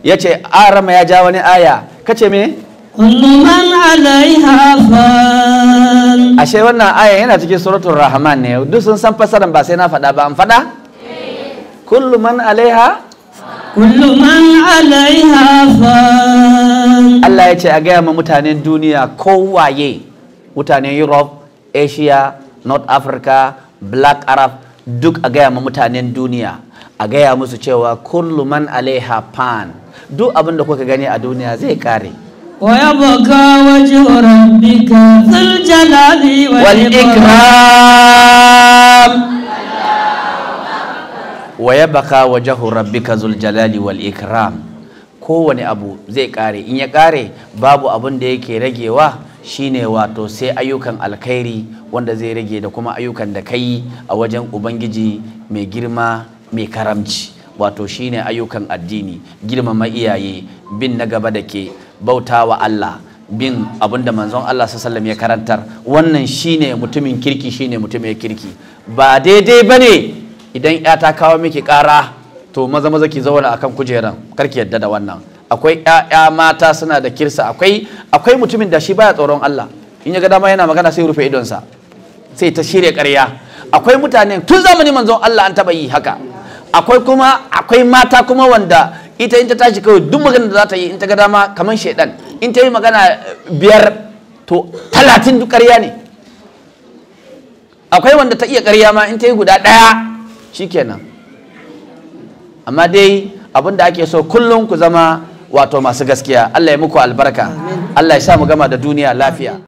ya ce arama ya ja wani aya kace me kulluman ashe wannan aya yana cikin suratul rahman ne duk sun san fasaran ba sai na faɗa ba an faɗa kulluman alaiha kulluman alaiha Allah ya ce a gaya ma mutanen duniya kowaye mutanen Europe Asia North Africa Black Arab duk a gaya ma mutanen duniya a gaya musu cewa kullu man alaiha duk abin da kuka gani a duniya zai kare ويبقى وجه ربك ذو الجلال والإكرام ويبقى وجه ربك ذو kowane abu zai kare in ya kare babu abun da yake ragewa shine wato sai ayyukan alkhairi wanda zai rage da kuma ayyukan da kai a wajen ubangiji mai girma mai karamci wato shine ayyukan addini girmama iyaye bin na gaba da ke bautawa Allah bin abin da manzon Allah sallam ya karantar wannan shine mutumin kirki shine mutumin kirki ba daidai bane idan ya ta kawo miki kara to maza maza ki zauna akan kujeran karki yadda da wannan akwai ƴaƴa mata suna da kirsa akwai akwai mutumin da shi baya tsoron Allah in ya ga dama yana magana sai rufe idonsa sai ta shirya ƙarya akwai mutane tun zamani manzon Allah an taba yi haka akwai kuma akwai mata kuma wanda ita in ta tashi kawai duk magana da za ta yi in ta ga dama kamar shedan in ta yi magana eh, biyar to talatin duk ƙarya ne akwai wanda ta iya ƙarya ma in ta yi guda ɗaya shikenan amma dai abin da ake so kullum ku zama wato masu gaskiya Allah ya muku albarka Allah ya sa mu gama da duniya lafiya